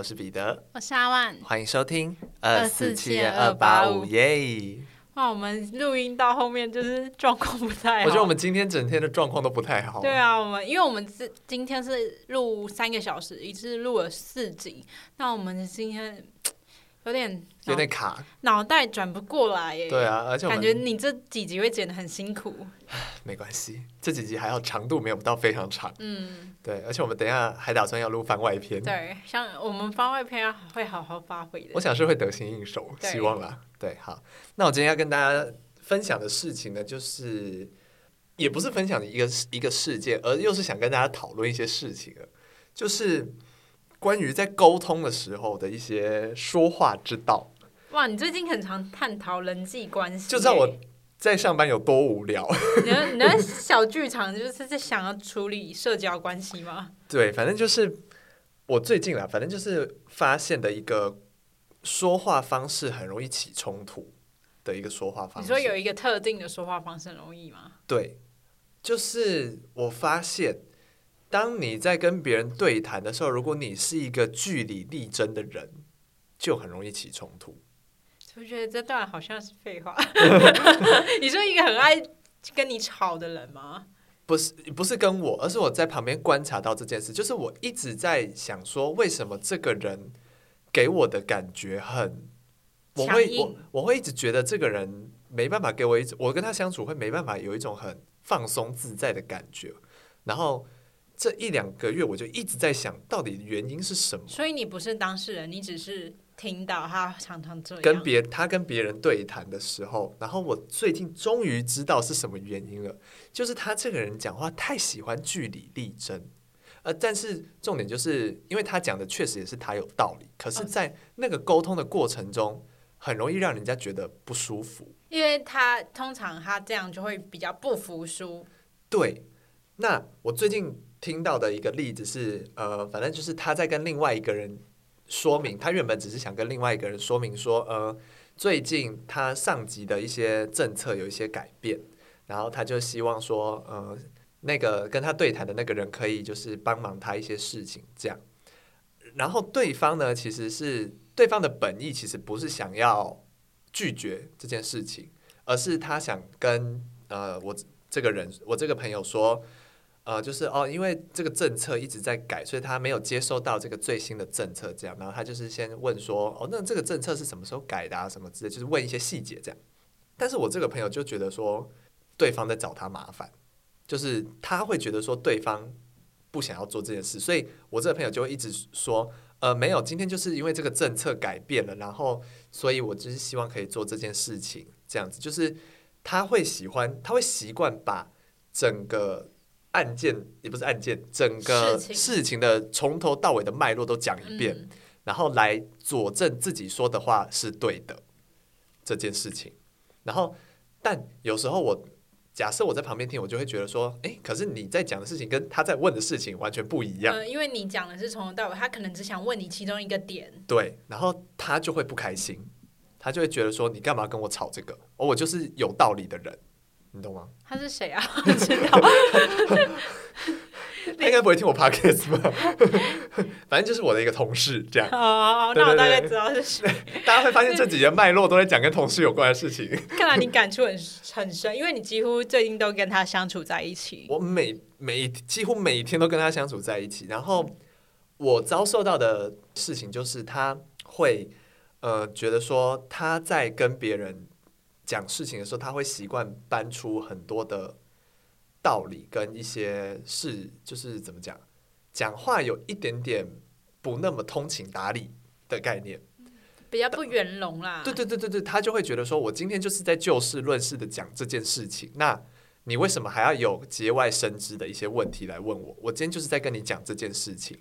我是彼得，我是阿萬，歡迎收聽二四七二八五耶！那我們錄音到後面就是狀況不太好，我覺得我們今天整天的狀況都不太好。 對啊，我們因為我們今天是錄三個小時，一直錄了四集，那我們今天。有點有點卡，腦袋轉不過來耶。對啊，而且我感覺你這幾集會剪得很辛苦。沒關係，這幾集還好，長度沒有到非常長。嗯，對，而且我們等一下還打算要錄番外篇。對，像我們番外篇要會好好發揮的。我想是會得心應手，希望啦。對，好，那我今天要跟大家分享的事情呢，就是也不是分享一個一個事件，而又是想跟大家討論一些事情，就是。關於在溝通的時候的一些說話之道。哇，你最近很常探討人際關係。就知道我在上班有多無聊。你那，你那小劇場就是在想要處理社交關係嗎？ 對，反正就是我最近啊，反正就是發現的一個說話方式很容易起衝突的一個說話方式。你說有一個特定的說話方式很容易嗎？對，就是我發現。當你在跟別人對談的時候，如果你是一個據理力爭的人，就很容易起衝突。我覺得這段好像是廢話。 你說一個很愛跟你吵的人嗎？不是，不是跟我，而是我在旁邊觀察到這件事。就是我一直在想說，為什麼這個人給我的感覺很……我會我我會一直覺得這個人沒辦法給我一直，我跟他相處會沒辦法有一種很放鬆自在的感覺，然後。這一兩個月我就一直在想，到底原因是什麼？所以你不是當事人，你只是聽到他常常這樣，跟別他跟別人對談的時候，然後我最近終於知道是什麼原因了，就是他這個人講話太喜歡據理力爭，呃，但是重點就是，因為他講的確實也是他有道理，可是，在那個溝通的過程中，很容易讓人家覺得不舒服。因為他通常他這樣就會比較不服輸。對，那我最近。聽到的一個例子是，呃，反正就是他在跟另外一個人說明，他原本只是想跟另外一個人說明說，呃，最近他上級的一些政策有一些改變，然後他就希望說，呃，那個跟他對談的那個人可以就是幫忙他一些事情，這樣。然後對方呢，其實是對方的本意其實不是想要拒絕這件事情，而是他想跟，呃，我這個人，我這個朋友說。呃，就是哦，因為這個政策一直在改，所以他沒有接收到這個最新的政策，這樣，然後他就是先問說，哦，那這個政策是什麼時候改的啊？什麼之類，就是問一些細節這樣。但是我這個朋友就覺得說，對方在找他麻煩，就是他會覺得說對方不想要做這件事，所以我這個朋友就會一直說，呃，沒有，今天就是因為這個政策改變了，然後，所以我只是希望可以做這件事情這樣子，就是他會喜歡，他會習慣把整個。案件也不是案件，整個事情的從頭到尾的脈絡都講一遍，嗯、然後來佐證自己說的話是對的這件事情。然後，但有時候我假設我在旁邊聽，我就會覺得說，哎，可是你在講的事情跟他在問的事情完全不一樣，呃。因為你講的是從頭到尾，他可能只想問你其中一個點。對，然後他就會不開心，他就會覺得說，你幹嘛跟我吵這個？而、哦、我就是有道理的人。你懂嗎？他是誰啊？不知道。 他應該不會聽我 podcast 吧？ 反正就是我的一個同事這樣。哦、oh，那我大概知道是誰。大家會發現這幾節脈絡都在講跟同事有關的事情。 看來你感觸很很深，因為你幾乎最近都跟他相處在一起。我每每一幾乎每一天都跟他相處在一起，然後我遭受到的事情就是他會呃覺得說他在跟別人。講事情的時候，他會習慣搬出很多的道理跟一些事，就是怎麼講，講話有一點點不那麼通情達理的概念，嗯、比較不圓融啦。對對對對對，他就會覺得說，我今天就是在就事論事的講這件事情，那你為什麼還要有節外生枝的一些問題來問我？我今天就是在跟你講這件事情，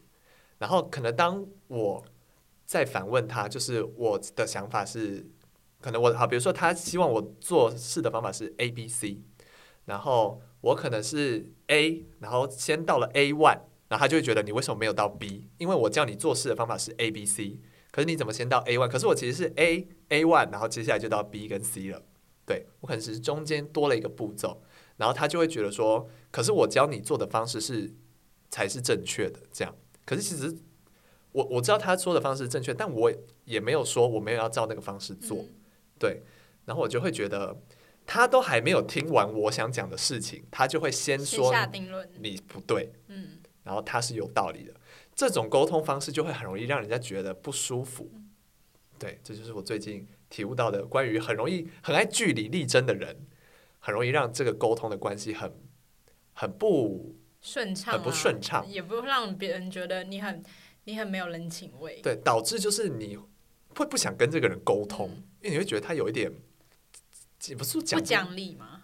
然後可能當我在反問他，就是我的想法是。可能我好，比如說他希望我做事的方法是 A B C，然後我可能是 A，然後先到了 A one，然後他就會覺得你為什麼沒有到 B？因為我教你做事的方法是 A B C，可是你怎麼先到 A one？可是我其實是 A A one，然後接下來就到 B 跟 C 了。對，我可能只是中間多了一個步驟，然後他就會覺得說，可是我教你做的方式是才是正確的，這樣。可是其實我我知道他說的方式正確，但我也沒有說我沒有要照那個方式做。嗯對，然後我就會覺得，他都還沒有聽完我想講的事情，他就會先說先下定論你不對，嗯，然後他是有道理的，這種溝通方式就會很容易讓人家覺得不舒服。對，這就是我最近體悟到的，關於很容易很愛據理力爭的人，很容易讓這個溝通的關係很很不順暢，啊，很不順暢，也不會讓別人覺得你很你很沒有人情味。對，導致就是你會不想跟這個人溝通。嗯因為你會覺得他有一點，也不是不講理嗎？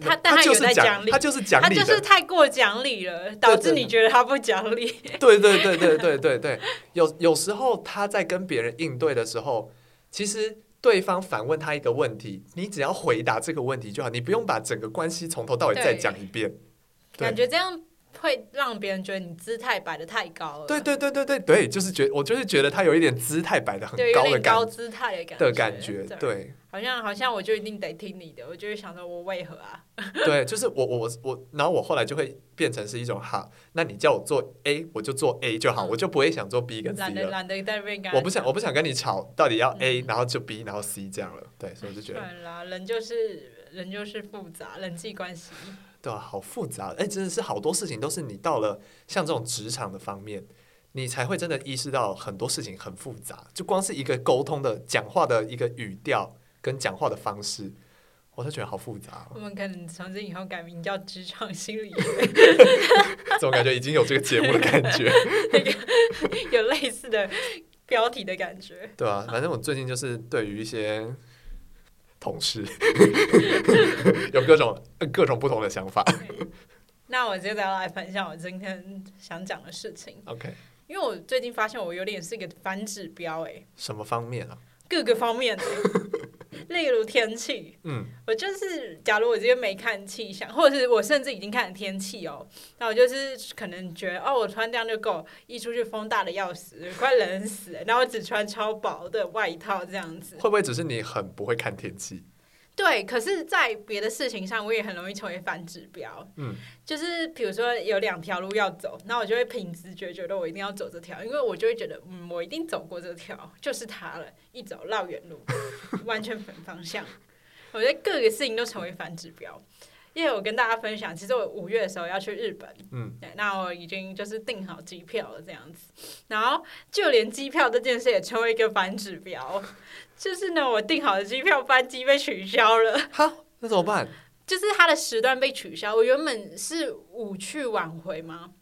他他就是在講理，他就是講理，他就是太過講理了，了，導致你覺得他不講理。對 對對對對對對，有有時候他在跟別人應對的時候，其實對方反問他一個問題，你只要回答這個問題就好，你不用把整個關係從頭到尾再講一遍，對對。感覺這樣。會讓別人覺得你姿態擺得太高了。對對對對對對，就是覺我就是覺得他有一點姿態擺得很高的高姿態的感覺，的感覺對，對，好像好像我就一定得聽你的，我就會想說我為何啊？對，就是我我我，我，然後我後來就會變成是一種哈，那你叫我做 A，我就做 A 就好，嗯、我就不會想做 B 跟 C 了。懶得懶得，在那邊幹，我不想我不想跟你吵，到底要 A、嗯、然後就 B，然後 C 這樣了。對，所以我就覺得，人就是人就是複雜，人際關係。對啊，好複雜！哎、欸，真的是好多事情都是你到了像這種職場的方面，你才會真的意識到很多事情很複雜。就光是一個溝通的講話的一個語調跟講話的方式，我就覺得好複雜哦。我們可能從今以後改名叫職場心理學，怎麼感覺已經有這個節目的感覺？ 那個有類似的標題的感覺。對啊，反正我最近就是對於一些。同事 有各種各種不同的想法，okay。那我接下來要來分享我今天想講的事情。OK，因為我最近發現我有點是一個反指標。欸，哎，什麼方面啊？各個方面，欸。 例如天氣，嗯，我就是假如我今天沒看氣象，或者是我甚至已經看了天氣哦，那我就是可能覺得哦，我穿這樣就夠，一出去風大的要死，快冷死， 然後我只穿超薄的外套這樣子，會不會只是你很不會看天氣？對，可是，在別的事情上，我也很容易成為反指標。嗯，就是比如說有兩條路要走，那我就會憑直覺覺得我一定要走這條，因為我就會覺得，嗯，我一定走過這條，就是它了。一走繞遠路，完全反方向。 我覺得各個事情都成為反指標。因為我跟大家分享，其實我五月的時候要去日本，嗯，對，那我已經就是訂好機票了這樣子，然後就連機票這件事也成為一個反指標，就是呢，我訂好的機票班機被取消了，哈，那怎麼辦？就是它的時段被取消，我原本是午去晚回嗎？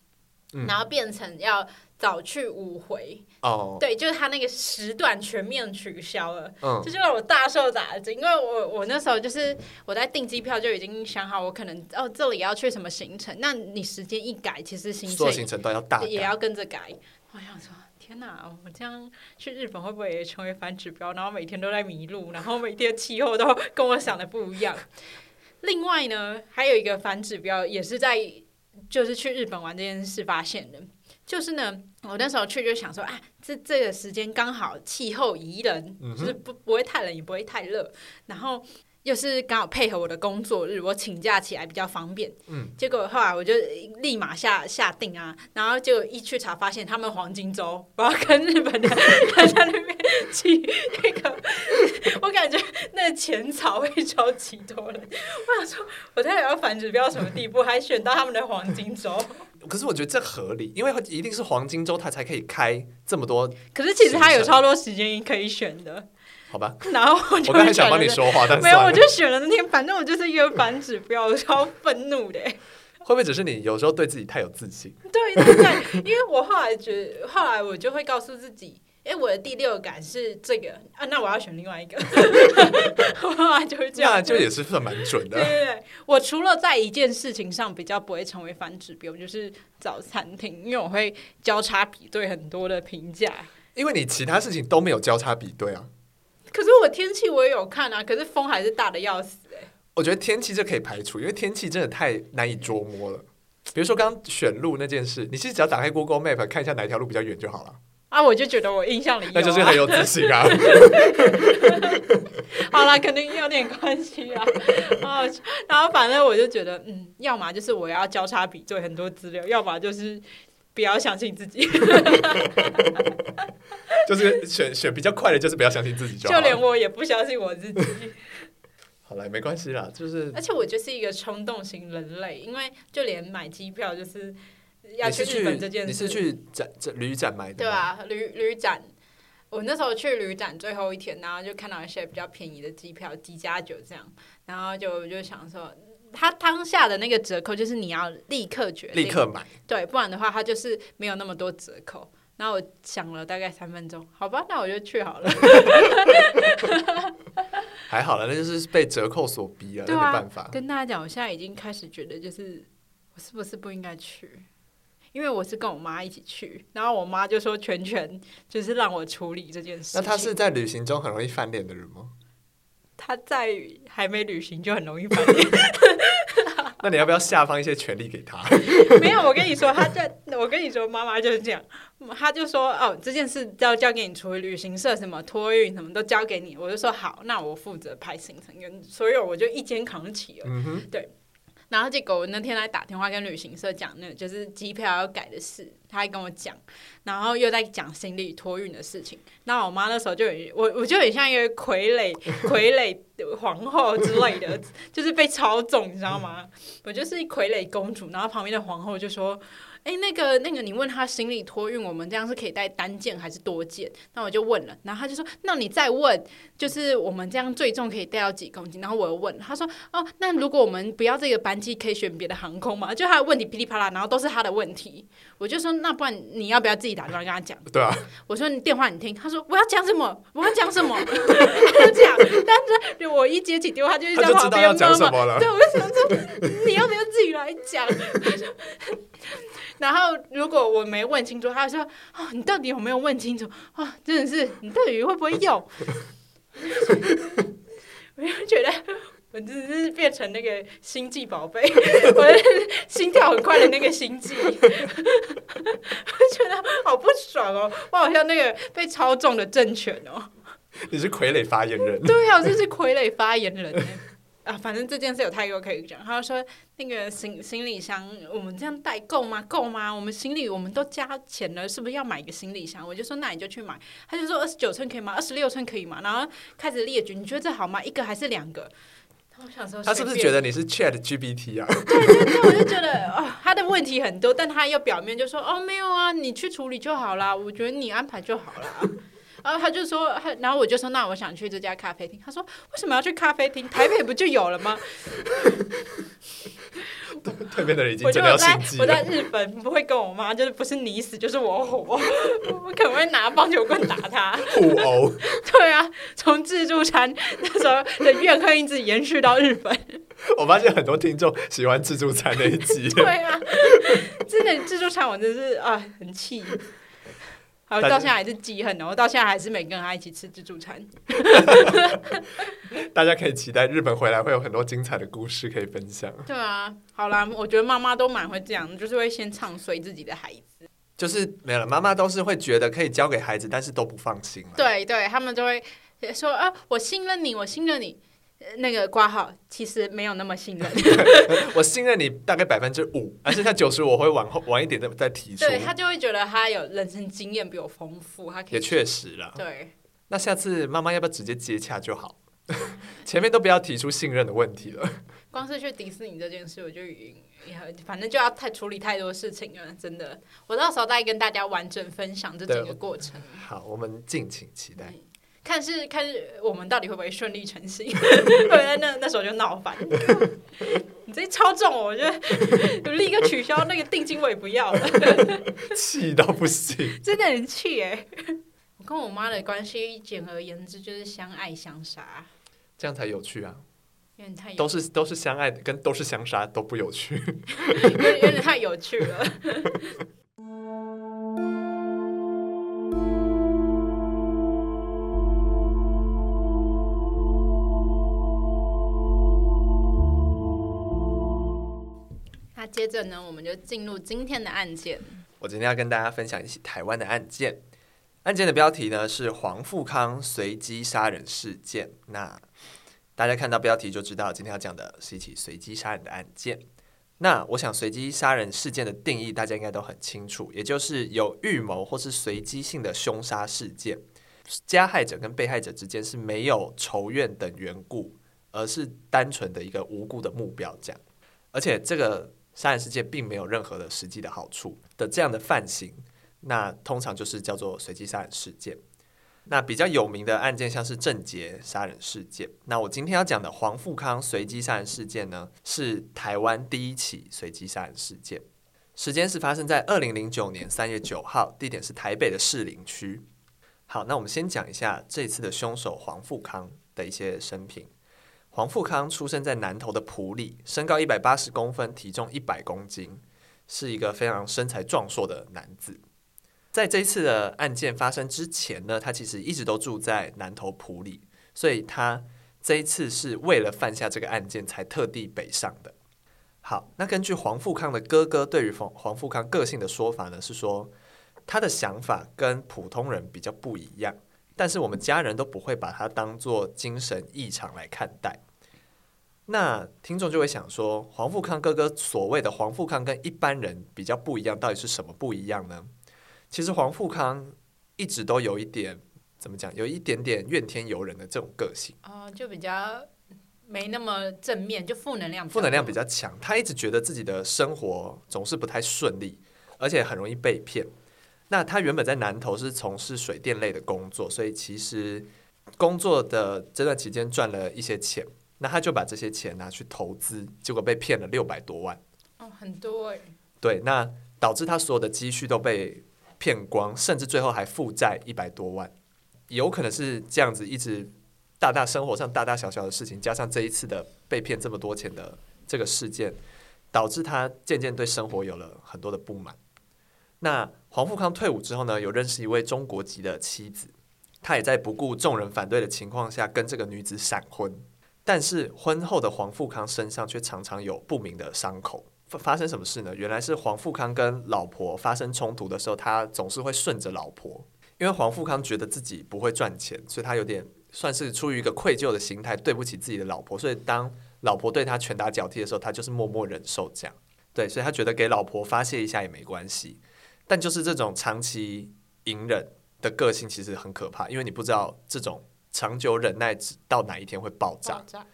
嗯、然後變成要早去五回，哦、對，就是他那個時段全面取消了，這、嗯、就讓我大受打擊。因為我我那時候就是我在訂機票就已經想好我可能哦這裡要去什麼行程，那你時間一改，其實行程都要大改，也要跟着改，要改。我想說，天哪，我這樣去日本會不會也成為反指標？然後每天都在迷路，然後每天氣候都跟我想的不一樣。 另外呢，還有一個反指標也是在，就是去日本玩這件事發現的。就是呢，我那時候去就想說，啊，這這個時間剛好氣候宜人，嗯、就是不不會太冷，也不會太熱，然後。又是剛好配合我的工作日，我請假起來比較方便。嗯，結果後來我就立馬下下定啊，然後就一去查發現他們黃金周，我要跟日本的他 在那邊去那個， 我感覺那淺草會超級多的。我想說，我到底要反指標到什麼地步，還選到他們的黃金周？可是我覺得這合理，因為一定是黃金周他才可以開這麼多。可是其實他有超多時間可以選的。好吧，然後我就剛才想幫你說話，但沒有，我就選了那天，反正我就是約反指標，超憤怒的。會不會只是你有時候對自己太有自信？對對對，因為我後來覺得，後來我就會告訴自己，哎、欸，我的第六感是這個啊，那我要選另外一個。 我後來就是這樣，就也是算蠻準的。對對對，我除了在一件事情上比較不會成為反指標，就是找餐廳，因為我會交叉比對很多的評價。因為你其他事情都沒有交叉比對啊。可是我天氣我也有看啊，可是風還是大的要死哎、欸。我覺得天氣這可以排除，因為天氣真的太難以捉摸了。比如說剛剛選路那件事，你其實只要打開 Google Map 看一下哪條路比較遠就好了。啊，我就覺得我印象裡、啊、那就是很有自信啊。 好啦，肯定有點關係啊。 然後反正我就覺得，嗯，要麼就是我要交叉比對很多資料，要麼就是。不要相信自己 ， 就是選選比較快的，就是不要相信自己就好了。就連我也不相信我自己 。好啦，沒關係啦，就是。而且我就是一個衝動型人類，因為就連買機票，就是要去日本這件事，你是去旅旅展買的？對啊，旅旅展。我那時候去旅展最後一天，然後就看到一些比較便宜的機票，機加酒這樣，然後就就想說。他當下的那個折扣就是你要立刻決定，立刻買，對，不然的話他就是沒有那麼多折扣。然後我想了大概三分鐘，好吧，那我就去好了。 還好了，那就是被折扣所逼了，啊、沒辦法。跟大家講，我現在已經開始覺得，就是我是不是不應該去？因為我是跟我媽一起去，然後我媽就說全權就是讓我處理這件事。那他是在旅行中很容易翻臉的人嗎？他在還沒旅行就很容易翻臉 ， 那你要不要下放一些權力給他 ？ 沒有，我跟你說，他在我跟你說，媽媽就是這樣，他就說哦，這件事要交給你，除了旅行社什麼托運什麼都交給你。我就說好，那我負責排行程，跟所有我就一肩扛起了。嗯哼，對。然後結果我那天來打電話跟旅行社講、那個，那就是機票要改的事。他還跟我講，然後又在講行李托運的事情。那我媽那時候就我，我就很像一個傀儡傀儡皇後之類的，就是被操縱，你知道嗎？我就是傀儡公主。然後旁邊的皇後就說：“哎、欸，那個那個，你問他行李托運，我們這樣是可以帶單件還是多件？”那我就問了，然後他就說：“那你再問，就是我們這樣最重可以帶到幾公斤？”然後我又問，他說：“哦，那如果我們不要這個班機，可以選別的航空嗎？”就他的問題噼里啪啦，然後都是他的問題。我就說。那不然你要不要自己打電話跟他講？對啊，我說你電話你聽，他說我要講什麼？我要講什麼？ 他就這樣，但是我一接起電話他就一直講，對，我就想說你要不要自己來講？ 然後如果我沒問清楚，他就說哦，你到底有沒有問清楚哦，真的是你到底會不會用？ 我就覺得。我就是變成那個星際寶貝，我心跳很快的那個星際， 我覺得好不爽哦，我好像那個被操縱的政權哦。你是傀儡發言人？對啊，我就是傀儡發言人。 啊，反正這件事有太多可以講。他說那個行行李箱，我們這樣帶夠嗎？夠嗎？我們行李我們都加錢了，是不是要買一個行李箱？我就說那你就去買。他就說二十九寸，可以嗎？二十六寸，可以嗎？然後開始列舉，你覺得這好嗎？一個還是兩個？.他是不是覺得你是 Chat GPT 啊？ 對，對對對，我就覺得啊、哦，他的問題很多，但他又表面就說哦，沒有啊，你去處理就好了，我覺得你安排就好了。 然、啊、後他就說他。然後我就說，那我想去這家咖啡廳。他說，為什麼要去咖啡廳？台北不就有了嗎？ 了我就在，我在日本不會跟我媽，就是不是你死就是我活， 我可能會拿棒球棍打他。互毆。對啊，從自助餐那時候的怨恨一直延續到日本。 我發現很多聽眾喜歡自助餐那一集。 對啊。真的自助餐，我真的是啊，很氣。我到現在還是記恨，然後到現在還是沒跟他一起吃自助餐。 大家可以期待日本回來會有很多精彩的故事可以分享。對啊，好啦，我覺得媽媽都蠻會這樣，就是會先唱衰自己的孩子。就是沒有了，媽媽都是會覺得可以交給孩子，但是都不放心。對對，他們就會說啊，我信任你，我信任你。那個掛號其實沒有那麼信任， 我信任你大概百分之五，剩下九十五我會往後晚一點再再提出。對他就會覺得他有人生經驗比我豐富，他可以也確實了。對，那下次媽媽要不要直接接洽就好？ 前面都不要提出信任的問題了。 光是去迪士尼這件事，我就已經，反正就要太處理太多事情了，真的。我到時候再跟大家完整分享這整個過程。好，我們敬請期待。 看是看是，看是我們到底會不會順利成行？ 會，不然那那時候就鬧翻。 你這超重，我覺得努力就立刻取消那個定金，我也不要了。氣 到不行，真的很氣哎！ 我跟我媽的關係，簡而言之就是相愛相殺。這樣才有趣啊！趣都是都是相愛的跟都是相殺都不有趣，有 點 太有趣了。 接着呢，我們就進入今天的案件。我今天要跟大家分享一起台灣的案件。案件的標題呢是“黃富康隨機殺人事件”那。那大家看到標題就知道，今天要講的是一起隨機殺人的案件。那我想，隨機殺人事件的定義大家應該都很清楚，也就是有預謀或是隨機性的兇殺事件，加害者跟被害者之間是沒有仇怨等緣故，而是單純的一個無辜的目標這樣。而且這個。殺人事件並沒有任何的實際的好處的這樣的犯行，那通常就是叫做隨機殺人事件。那比較有名的案件像是鄭捷殺人事件，那我今天要講的黃富康隨機殺人事件呢，是台灣第一起隨機殺人事件，時間是發生在二零零九年三月九號，地點是台北的士林區。好，那我們先講一下這一次的兇手黃富康的一些生平。黃富康出生在南投的埔里，身高一百八十公分，體重一百公斤，是一個非常身材壯碩的男子。在這一次的案件發生之前呢，他其實一直都住在南投埔里，所以他這一次是為了犯下這個案件才特地北上的。好，那根據黃富康的哥哥對於黃黃富康個性的說法呢，是說他的想法跟普通人比較不一樣。但是我們家人都不會把它當做精神異常來看待，那聽眾就會想說，黃富康哥哥所謂的黃富康跟一般人比較不一樣，到底是什麼不一樣呢？其實黃富康一直都有一點，怎麼講，有一點點怨天尤人的這種個性，啊、呃，就比較沒那麼正面，就負能量，負能量比較強，他一直覺得自己的生活總是不太順利，而且很容易被騙。那他原本在南投是從事水電類的工作，所以其實工作的這段期間賺了一些錢，那他就把這些錢拿去投資，結果被騙了六百多萬。哦，很多耶。對，那導致他所有的積蓄都被騙光，甚至最後還負債一百多萬。有可能是這樣子，一直大大生活上大大小小的事情，加上這一次的被騙這麼多錢的這個事件，導致他漸漸對生活有了很多的不滿。那黃富康退伍之後呢，有認識一位中國籍的妻子，他也在不顧眾人反對的情況下跟這個女子閃婚。但是婚後的黃富康身上卻常常有不明的傷口，發發生什麼事呢？原來是黃富康跟老婆發生衝突的時候，他總是會順着老婆，因為黃富康覺得自己不會賺錢，所以他有點算是出於一個愧疚的心態，對不起自己的老婆，所以當老婆對他拳打腳踢的時候，他就是默默忍受這樣，對，所以他覺得給老婆發洩一下也沒關係。但就是這種長期隱忍的個性，其實很可怕，因為你不知道這種長久忍耐到哪一天會爆炸。爆炸。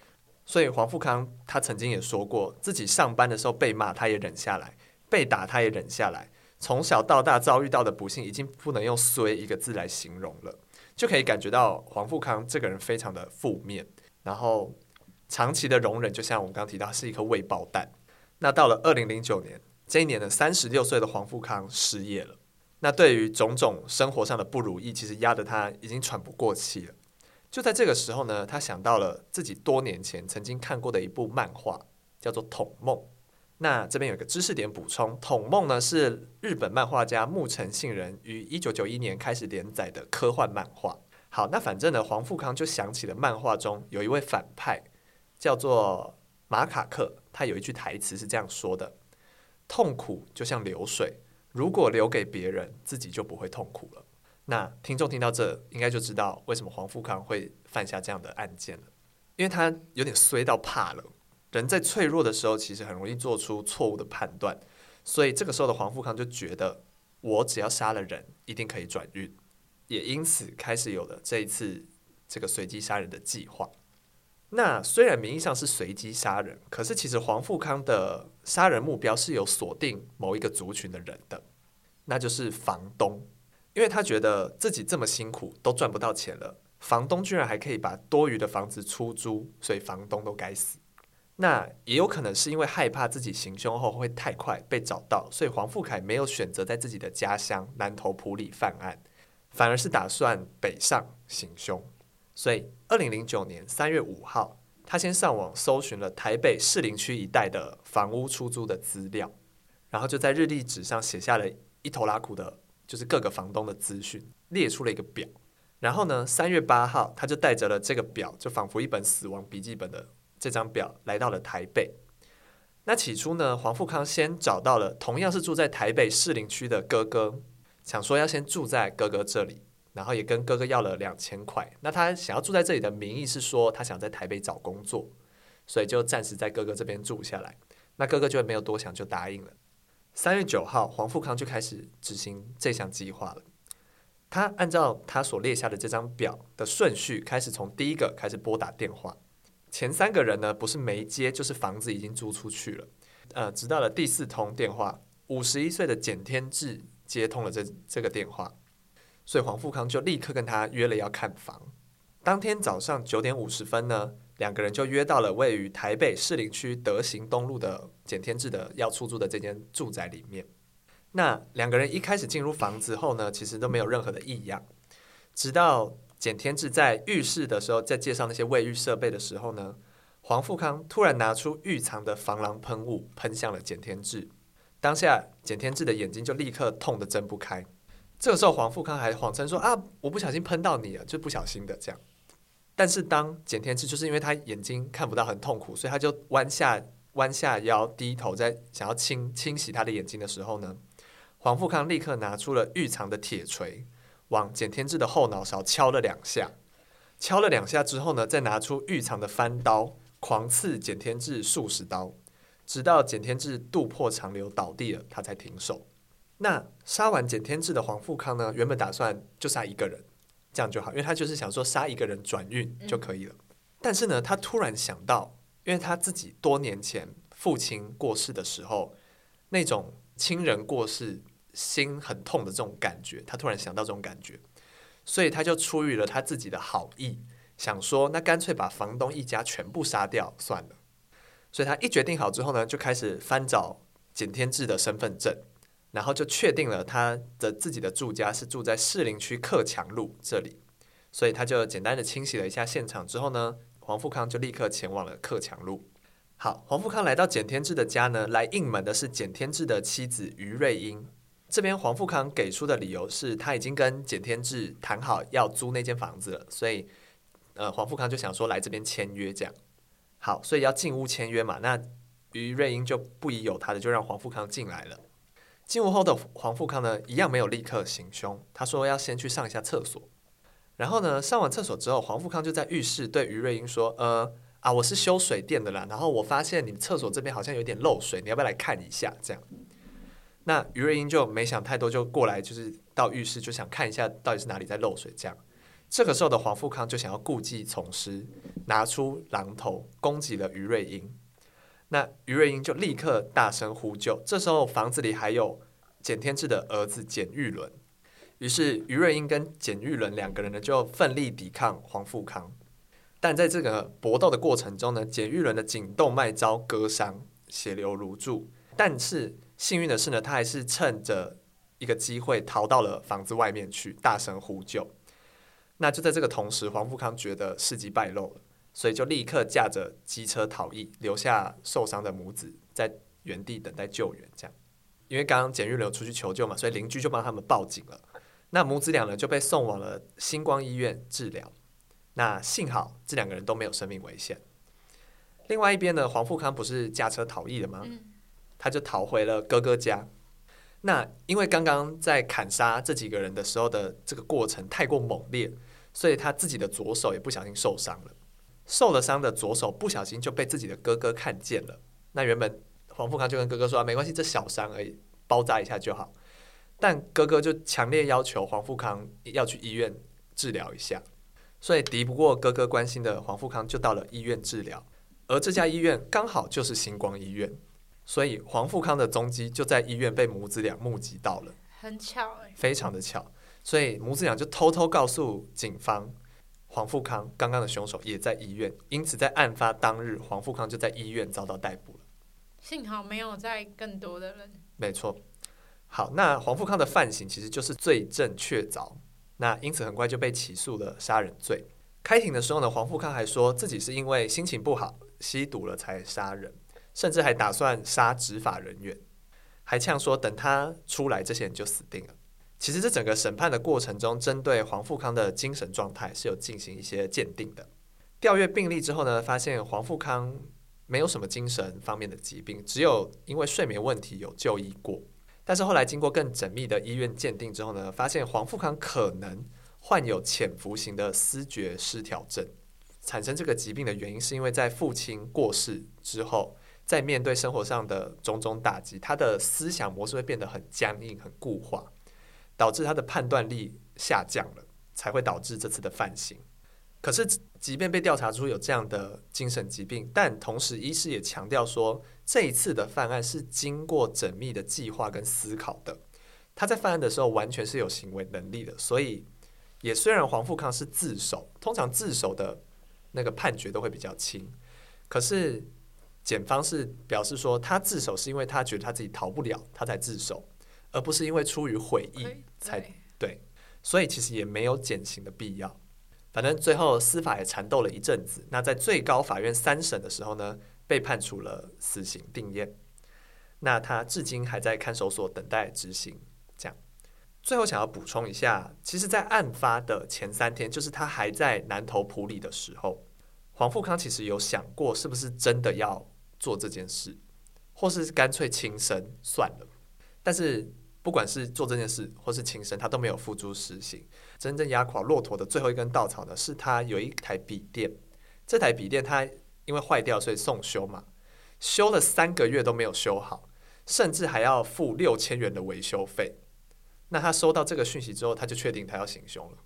所以黃富康他曾經也說過，自己上班的時候被罵，他也忍下來；被打，他也忍下來。從小到大遭遇到的不幸，已經不能用“衰”一個字來形容了，就可以感覺到黃富康這個人非常的負面。然後長期的容忍，就像我們剛剛提到，是一顆未爆彈。那到了二零零九年。這一年的三十六歲的黃富康失業了。那對於種種生活上的不如意，其實壓得他已經喘不過氣了。就在這個時候呢，他想到了自己多年前曾經看過的一部漫畫，叫做《統夢》。那這邊有個知識點補充，《統夢》呢是日本漫畫家木城信人於一九九一年開始連載的科幻漫畫。好，那反正呢，黃富康就想起了漫畫中有一位反派叫做馬卡克，他有一句台詞是這樣說的。痛苦就像流水，如果留給別人，自己就不會痛苦了。那聽眾聽到這，應該就知道為什麼黃富康會犯下這樣的案件了。因為他有點衰到怕了。人在脆弱的時候，其實很容易做出錯誤的判斷。所以這個時候的黃富康就覺得，我只要殺了人，一定可以轉運，也因此開始有了這一次這個隨機殺人的計劃。那雖然名義上是隨機殺人，可是其實黃富康的。殺人目標是有鎖定某一個族群的人的，那就是房東，因為他覺得自己這麼辛苦都賺不到錢了，房東居然還可以把多餘的房子出租，所以房東都該死。那也有可能是因為害怕自己行兇後會太快被找到，所以黃富康沒有選擇在自己的家鄉南投埔里犯案，反而是打算北上行兇。所以，二零零九年三月五號。他先上網搜尋了台北士林區一帶的房屋出租的資料，然後就在日曆紙上寫下了一拖拉庫的，就是各個房東的資訊，列出了一個表。然後呢，三月八號，他就帶着了這個表，就仿佛一本死亡筆記本的這張表，來到了台北。那起初呢，黃富康先找到了同樣是住在台北士林區的哥哥，想說要先住在哥哥這裡。然後也跟哥哥要了兩千塊。那他想要住在這裡的名義是說，他想在台北找工作，所以就暫時在哥哥這邊住下來。那哥哥就沒有多想，就答應了。三月九號，黃富康就開始執行這項計劃了。他按照他所列下的這張表的順序，開始從第一個開始撥打電話。前三個人呢，不是沒接，就是房子已經租出去了。呃，直到了第四通電話，五十一歲的簡天志接通了這這個電話。所以黃富康就立刻跟他約了要看房。當天早上九點五十分呢，兩個人就約到了位於台北士林區德行東路的簡天志的要出租的這間住宅裡面。那兩個人一開始進入房子後呢，其實都沒有任何的異樣，直到簡天志在浴室的時候，在介紹那些衛浴設備的時候呢，黃富康突然拿出預藏的防狼噴霧，噴向了簡天志。當下，簡天志的眼睛就立刻痛得睜不開。這個時候，黃富康還謊稱說：“啊，我不小心噴到你了，就不小心的這樣。”但是，當簡天志就是因為他眼睛看不到很痛苦，所以他就彎下彎下腰，低頭在想要清清洗他的眼睛的時候呢，黃富康立刻拿出了預藏的鐵錘，往簡天志的後腦勺敲了兩下。敲了兩下之後呢，再拿出預藏的番刀，狂刺簡天志數十刀，直到簡天志肚破腸流倒地了，他才停手。那殺完簡天志的黃富康呢？原本打算就殺一個人，這樣就好，因為他就是想說殺一個人轉運就可以了。嗯。但是呢，他突然想到，因為他自己多年前父親過世的時候，那種親人過世心很痛的這種感覺，他突然想到這種感覺，所以他就出於了他自己的好意，想說那乾脆把房東一家全部殺掉算了。所以他一決定好之後呢，就開始翻找簡天志的身份證。然後就確定了他的自己的住家是住在士林區克強路這裡，所以他就簡單的清洗了一下現場之後呢，黃富康就立刻前往了克強路。好，黃富康來到簡天志的家呢，來應門的是簡天志的妻子於瑞英。這邊黃富康給出的理由是他已經跟簡天志談好要租那間房子了，所以呃黃富康就想說來這邊簽約這樣。好，所以要進屋簽約嘛，那於瑞英就不疑有他的，就讓黃富康進來了。進屋後的黃富康呢，一樣沒有立刻行兇。他說要先去上一下廁所，然後呢，上完廁所之後，黃富康就在浴室對余瑞英說：“呃啊，我是修水電的啦，然後我發現你們廁所這邊好像有點漏水，你要不要來看一下？”這樣，那余瑞英就沒想太多，就過來就是到浴室就想看一下到底是哪裡在漏水。這樣，這個時候的黃富康就想要故技重施，拿出榔頭攻擊了余瑞英。那余瑞英就立刻大聲呼救。這時候房子裡還有簡天志的兒子簡玉倫，於是余瑞英跟簡玉倫兩個人呢就奮力抵抗黃富康。但在這個搏鬥的過程中呢，簡玉倫的頸動脈遭割傷，血流如注。但是幸運的是呢，他還是趁着一個機會逃到了房子外面去，大聲呼救。那就在這個同時，黃富康覺得事跡敗露了。所以就立刻駕着機車逃逸，留下受傷的母子在原地等待救援。這樣，因為剛剛簡玉流出去求救嘛，所以鄰居就幫他們報警了。那母子兩人就被送往了新光醫院治療。那幸好這兩個人都沒有生命危險。另外一邊呢，黃富康不是駕車逃逸了嗎？嗯，他就逃回了哥哥家。那因為剛剛在砍殺這幾個人的時候的這個過程太過猛烈，所以他自己的左手也不小心受傷了。受了傷的左手不小心就被自己的哥哥看見了。那原本黃富康就跟哥哥說：“啊，沒關係，這小傷而已，包扎一下就好。”但哥哥就強烈要求黃富康要去醫院治療一下。所以敵不過哥哥關心的黃富康就到了醫院治療，而這家醫院剛好就是新光醫院，所以黃富康的蹤跡就在醫院被母子倆目擊到了。很巧欸，非常的巧。所以母子倆就偷偷告訴警方。黃富康剛剛的兇手也在醫院，因此在案發當日，黃富康就在醫院遭到逮捕了。幸好沒有再更多的人。沒錯，好，那黃富康的犯行其實就是罪證確鑿，那因此很快就被起訴了殺人罪。開庭的時候呢，黃富康還說自己是因為心情不好吸毒了才殺人，甚至還打算殺執法人員，還嗆說等他出來，這些人就死定了。其實，這整個審判的過程中，針對黃富康的精神狀態是有進行一些鑑定的。調閱病歷之後呢，發現黃富康沒有什麼精神方面的疾病，只有因為睡眠問題有就醫過。但是後來經過更縝密的醫院鑑定之後呢，發現黃富康可能患有潛伏型的思覺失調症。產生這個疾病的原因，是因為在父親過世之後，在面對生活上的種種打擊，他的思想模式會變得很僵硬、很固化。導致他的判斷力下降了，才會導致這次的犯行。可是，即便被調查出有這樣的精神疾病，但同時醫師也強調說，這一次的犯案是經過縝密的計劃跟思考的。他在犯案的時候完全是有行為能力的，所以也雖然黃富康是自首，通常自首的那個判決都會比較輕，可是檢方是表示說，他自首是因為他覺得他自己逃不了，他才自首。而不是因為出於悔意才對，所以其實也沒有減刑的必要。反正最後司法也纏鬥了一陣子，那在最高法院三審的時候呢，被判處了死刑定讞。那他至今還在看守所等待執行。這樣，最後想要補充一下，其實，在案發的前三天，就是他還在南投埔里的時候，黃富康其實有想過是不是真的要做這件事，或是乾脆輕生算了，但是。不管是做這件事，或是輕生，他都沒有付諸實行。真正壓垮駱駝的最後一根稻草呢，是他有一台筆電，這台筆電他因為壞掉，所以送修嘛，修了三個月都沒有修好，甚至還要付六千元的維修費。那他收到這個訊息之後，他就確定他要行兇了。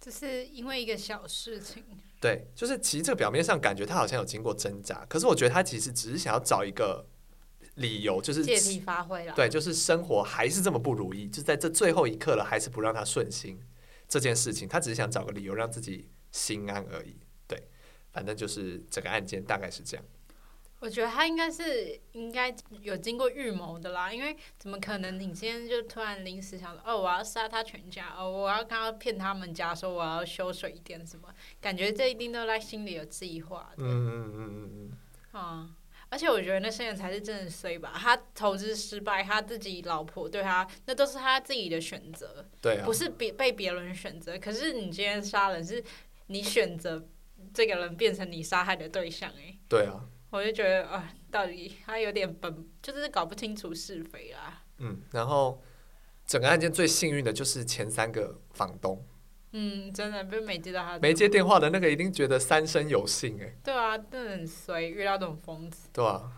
就是因為一個小事情。對，就是其實這個表面上感覺他好像有經過掙扎，可是我覺得他其實只是想要找一個。理由就是借題發揮了，對，就是生活還是這麼不如意，就在這最後一刻了，還是不讓他順心這件事情，他只是想找個理由讓自己心安而已，對，反正就是整個案件大概是這樣。我覺得他應該是應該有經過預謀的啦，因為怎麼可能你今天就突然臨時想說，哦，我要殺他全家，哦，我要剛剛騙他們家說我要修水電什麼，感覺這一定都在心裡有計劃。嗯嗯嗯嗯嗯，嗯。而且我覺得那些人才是真的衰吧，他投資失敗，他自己老婆對他，那都是他自己的選擇，對啊，不是別被別人選擇。可是你今天殺人是，你選擇這個人變成你殺害的對象，欸，誒，對啊，我就覺得啊，呃，到底他有點笨，就是搞不清楚是非啦，啊。嗯，然後整個案件最幸運的就是前三個房東。嗯，真的，不是沒接到他沒接電話的那個，一定覺得三生有幸哎。對啊，真的很衰，遇到這種瘋子。對啊，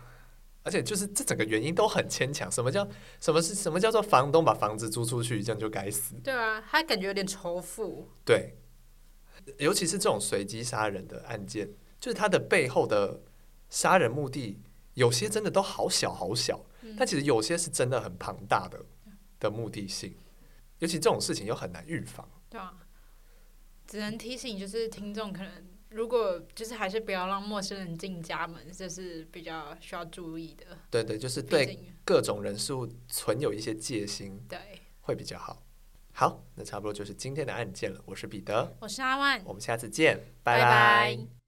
而且就是這整個原因都很牽強。什麼叫什麼是什麼叫做房東把房子租出去，這樣就該死？對啊，他感覺有點仇富。對，尤其是這種隨機殺人的案件，就是他的背後的殺人目的，有些真的都好小好小，嗯、但其實有些是真的很龐大的的目的性。尤其這種事情又很難預防。對啊。只能提醒就是聽眾，可能如果就是還是不要讓陌生人進家門，這是就是比較需要注意的。對對，就是對各種人事物存有一些戒心，對會比較好。好，那差不多就是今天的案件了。我是彼得，我是阿萬，我們下次見，拜拜。拜拜。